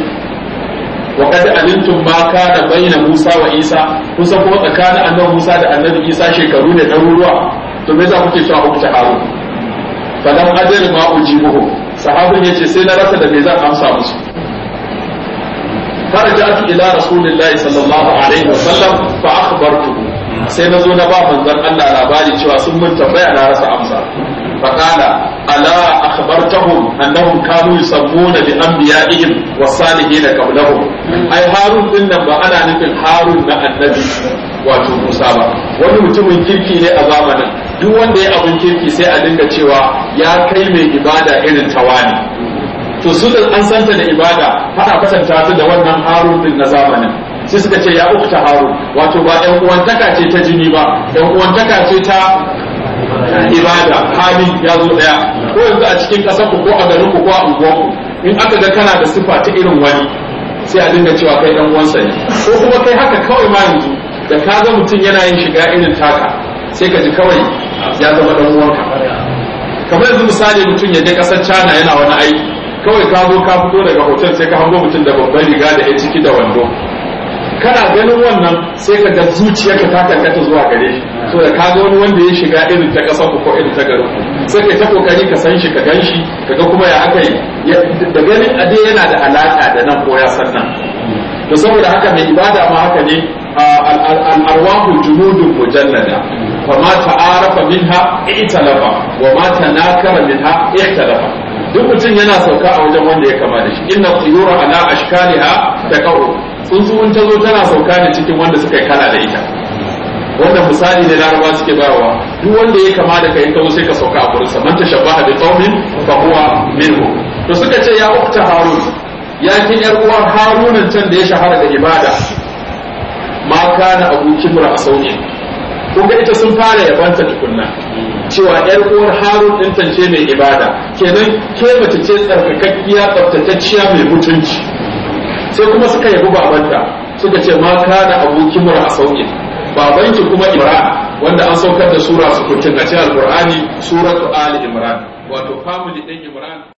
wa kada alintum ma kana baina musa wa isa kusa kuma tsakanin annabi musa da annabi isa shekaru ne ɗaruruwa to me yasa kuke cewa ku ta haru fadan ajri ma ujibuhu ne ce sai na rasa da me zan amsa musu فرجعت إلى رسول الله صلى الله عليه وسلم فأخبرته sai na zo na ba manzon Allah labari cewa sun mun tambaya na rasa amsa فقال ألا أخبرتهم أنهم كانوا يسمون بأنبيائهم والصالحين قبلهم أي هارون إنما أنا نفل هارون مع النبي wato Musa ba wani mutumin kirki ne a zamanin duk wanda ya abin kirki sai a dinga cewa ya kai mai ibada irin tawani to su an santa da ibada ana kwatanta ta da wannan harun din na zamanin sai suka ce ya ukta harun wato ba ɗan uwantaka ce ta jini ba ɗan uwantaka ce ta ibada hali ya zo daya ko yanzu a cikin ƙasar ku ko a garin ku ko a unguwar ku in aka ga kana da sifa ta irin wani sai a dinga cewa kai dan uwansa ne ko kuma kai haka kawai ma yanzu da ka ga mutum yana yin shiga irin taka sai ka ji kawai ya zama dan uwanka kamar yanzu misali mutum ya je kasar China yana wani aiki kawai ka zo ka fito daga hotel sai ka hango mutum da babban riga da ya ciki da wando kana ganin wannan sai ka ga zuciyarka ta karkata zuwa gare shi so da ka wani wanda ya shiga irin ta ƙasar ko irin ta garin sai kai ta kokari ka san shi ka gan shi ka ga kuma ya aka yi da ganin ade yana da alaƙa da nan ko ya san nan to saboda haka mai ibada ma haka ne al-arwahu juhudun mujallada fa ma ta'arafa minha i'talafa wa ma tanakara minha i'talafa duk mutum yana sauka a wajen wanda ya kama da shi inna tsuyura ala ashkaliha taqaw tsuntsuwun ta zo tana sauka ne cikin wanda suka yi kala da ita Wanda misali ne laraba suke bayawa duk wanda ya kama da kai kawo sai ka sauka a gurinsa man tashabbaha bi qaumin fa huwa minhu to suka ce ya ukta harun ya ki yar uwan harunan can da ya shahara da ibada ma kana abu kibra a ita sun fara yabanta tukunna cewa yar uwar harun can ce mai ibada kenan ke mace ce tsarkakakkiya tsaftatacciya mai mutunci sai kuma suka yabi babanta suka ce ma kana abu kibra a sauki babanki kuma imran wanda an saukar da sura su kuntun a cikin alkur'ani suratu ali imran wato famili ɗin imran